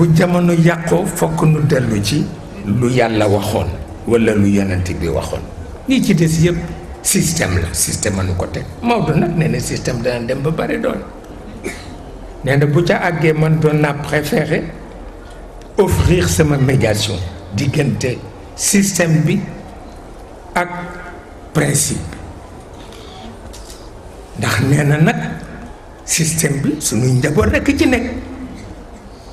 bu jamono yakko fokk nu ci lu lu bi ci système la système anu ko système dem ba bu ca man préféré offrir sama médiation système bi ak principe ndax nous nak système bi rek ci nek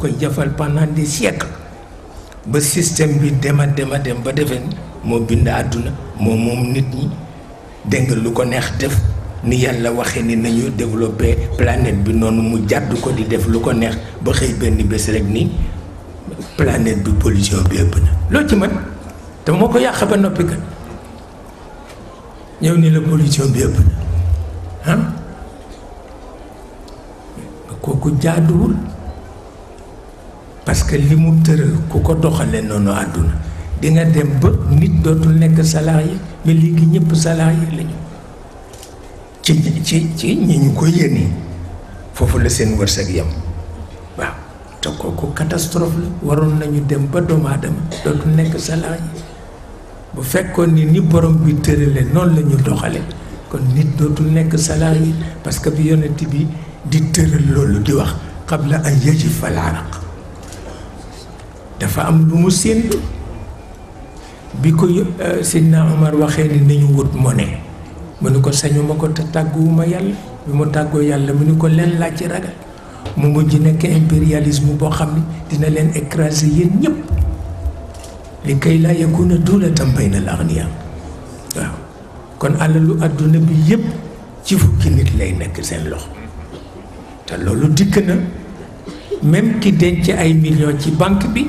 ko jafal pendant des siècles ba système bi dema dema dem ba defen mo bind aduna mo mom nit ñi deng lu ko neex def ni yalla waxe ni nañu développer planète bi nonu mu jadd ko di def lu ko neex ba xey benn bes rek ni planète bi pollution bi ëpp na lo ci man te moko ko ba nopi kat ñew ni la pollution bi ëpp na ko ah? ko jaadul parce que li mu tëral ku ko doxalee noonu àdduna di dem ba nit dootul nekk salarié mais léegi ñëpp salarié lañu ci ci ñi ñu ko yéene foofu la seen wërsëg yem waaw te kooku catastrophe la waroon nañu dem ba doomu aadama dootul nekk salarié bu fekkoon ni ni borom bi tërale noonu la ñu doxale kon nit dootul nekk salarié parce que bi yonent bi di tëral loolu di wax qabla an yajifa al dafa am lu mu séentu bi ko euh, Seydina Omar waxee ni nañu wut monnaie mu ni ko sañu ma ko te tàgguwuma yàlla bi mu tàggoo yàlla mu ni ko leen laaj ci ragal mu mujj nekk impérialisme boo xam ne dina leen écraser yéen ñëpp li kay ne yakuna dawlatan bayna al-aghniyaa waaw kon alalu àdduna bi yëpp ci fukki nit lay nekk seen loxo te loolu dikk na même ki denc ay millions ci banque bi